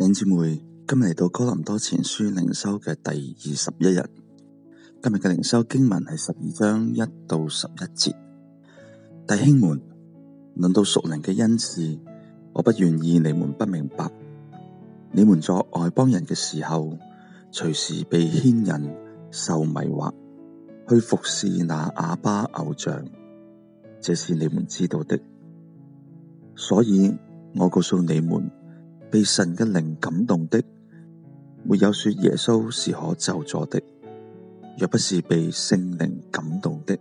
兄姊妹今日嚟到哥林多前書靈修嘅第二十一日，今日嘅靈修經文係十二章一到十一節。弟兄們，論到屬靈嘅恩賜，我不願意你們不明白，你們作外邦人嘅時候，隨時被牽引受迷惑，去服侍那啞巴偶像，這是你們知道的。所以我告訴你們。被神嘅靈感動的，沒有說耶穌是可咒詛的；若不是被聖靈感動的，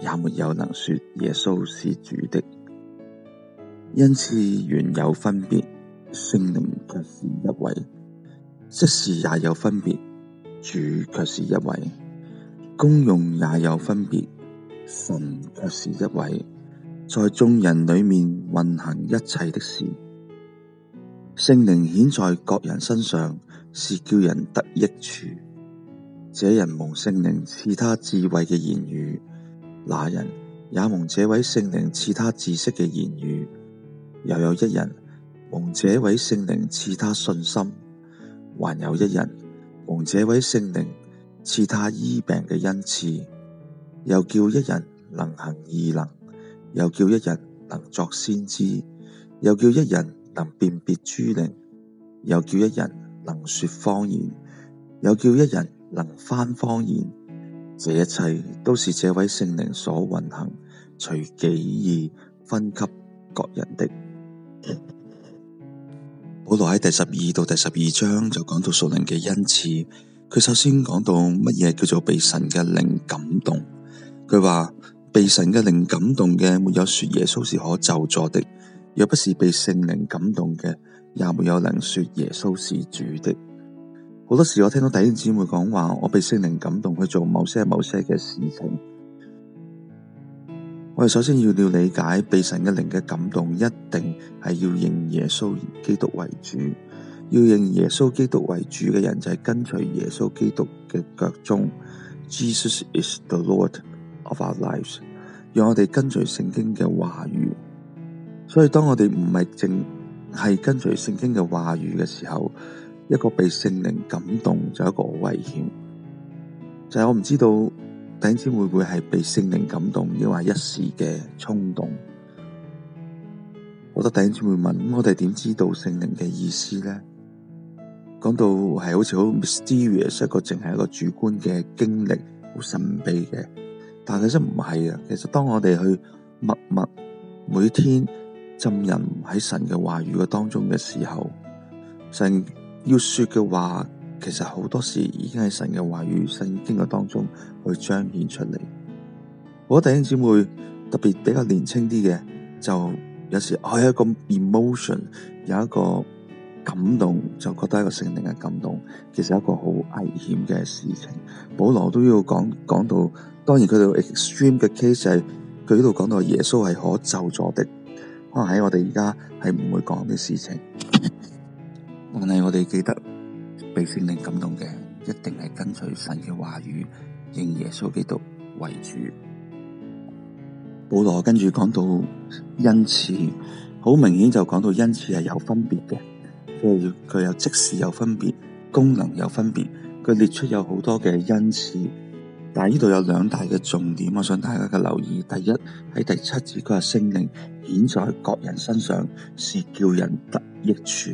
也沒有能說耶穌是主的。恩賜原有分別，聖靈卻是一位；職事也有分別，主卻是一位；功用也有分別，神卻是一位，在眾人裡面運行一切的事。聖靈顯在各人身上，是叫人得益處。這人蒙聖靈賜他智慧嘅言語，那人也蒙這位聖靈賜他知識嘅言語，又有一人蒙這位聖靈賜他信心，還有一人蒙這位聖靈賜他醫病嘅恩賜。又叫一人能行異能，又叫一人能作先知，又叫一人。能辨別諸靈，又叫一人能說方言，又叫一人能翻方言。這一切都是這位聖靈所運行，隨己意分給各人的。好，羅喺第十二到第十二章就講到屬靈嘅恩賜。佢首先講到乜嘢叫做被神嘅靈感動？佢話被神嘅靈感動嘅，沒有說耶穌是可咒詛的。若不是被聖靈感動嘅，也沒有能說耶穌是主的。好多時我聽到弟兄姊妹講話，我被聖靈感動去做某些某些嘅事情。我哋首先要了理解，被神嘅靈嘅感動，一定係要認耶穌基督為主。要認耶穌基督為主嘅人，就係、是、跟隨耶穌基督嘅腳蹤。Jesus is the Lord of our lives。讓我哋跟隨聖經嘅話語。所以當我哋唔係淨係跟隨聖經嘅話語嘅時候，一個被聖靈感動就一個危險，就係、是、我唔知道頂尖會唔會係被聖靈感動，抑或一時嘅衝動。我覺得頂尖會問，我哋點知道聖靈嘅意思咧？講到係好似好 mysterious 一個，淨係一個主觀嘅經歷，好神秘嘅。但係其實唔係啊，其實當我哋去默默每天。浸淫喺神嘅話語嘅當中嘅時候，神要說嘅話，其實好多時已經喺神嘅話語聖經嘅當中去彰顯出嚟。我弟兄姊妹特別比較年輕啲嘅，就有時係一個 emotion，有一個感動，就覺得一個聖靈嘅感動，其實一個好危險嘅事情。保羅都要講講到，當然佢哋 extreme 嘅 case 就係佢呢度講到耶穌係可救助的。可能喺我哋而家係唔會講嘅事情， 但係我哋記得被聖靈感動嘅，一定係跟隨神嘅話語，認耶穌基督為主。保羅跟住講到恩，恩賜好明顯就講到，恩賜係有分別嘅，即係佢有即使有分別，功能有分別，佢列出有好多嘅恩賜。但係呢度有兩大嘅重點，我想大家嘅留意。第一，喺第七節佢係聖靈。顯在，在各人身上，是叫人得益處。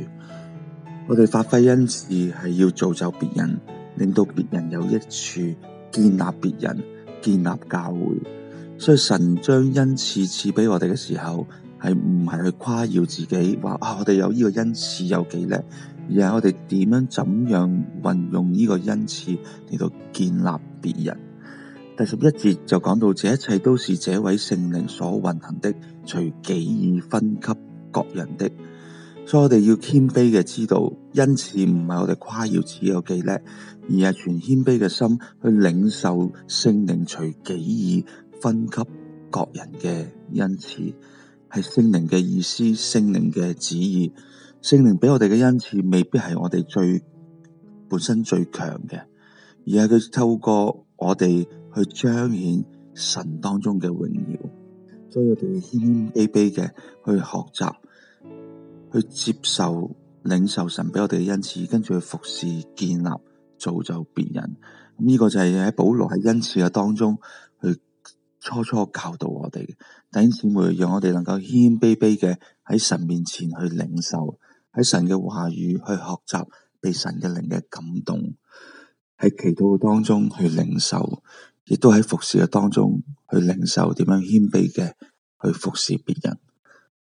我哋發揮恩賜係要造就別人，令到別人有益處，建立別人，建立教會。所以神將恩賜賜俾我哋嘅時候，係唔係去誇耀自己，話啊我哋有呢個恩賜有幾叻，而係我哋點樣怎樣運用呢個恩賜嚟到建立別人。第十一節就講到，這一切都是這位聖靈所運行的，隨己意分給各人的。所以我哋要謙卑嘅知道，恩賜唔係我哋誇耀自己有幾叻，而係全謙卑嘅心去領受聖靈隨己意分給各人嘅恩賜，係聖靈嘅意思、聖靈嘅旨意。聖靈俾我哋嘅恩賜，未必係我哋最本身最強嘅，而係佢透過我哋。去彰顯神當中嘅榮耀，所以我哋要謙卑卑嘅去學習，去接受領受神俾我哋嘅恩賜，跟住去服侍、建立、造就別人。呢、呢個就係喺保羅喺恩賜嘅當中去初初教導我哋嘅。弟兄姊妹，讓我哋能夠謙卑卑嘅喺神面前去領受，喺神嘅話語去學習，被神嘅靈嘅感動，喺祈禱當中去領受。亦都喺服侍嘅當中，去領受點樣謙卑嘅，去服侍別人。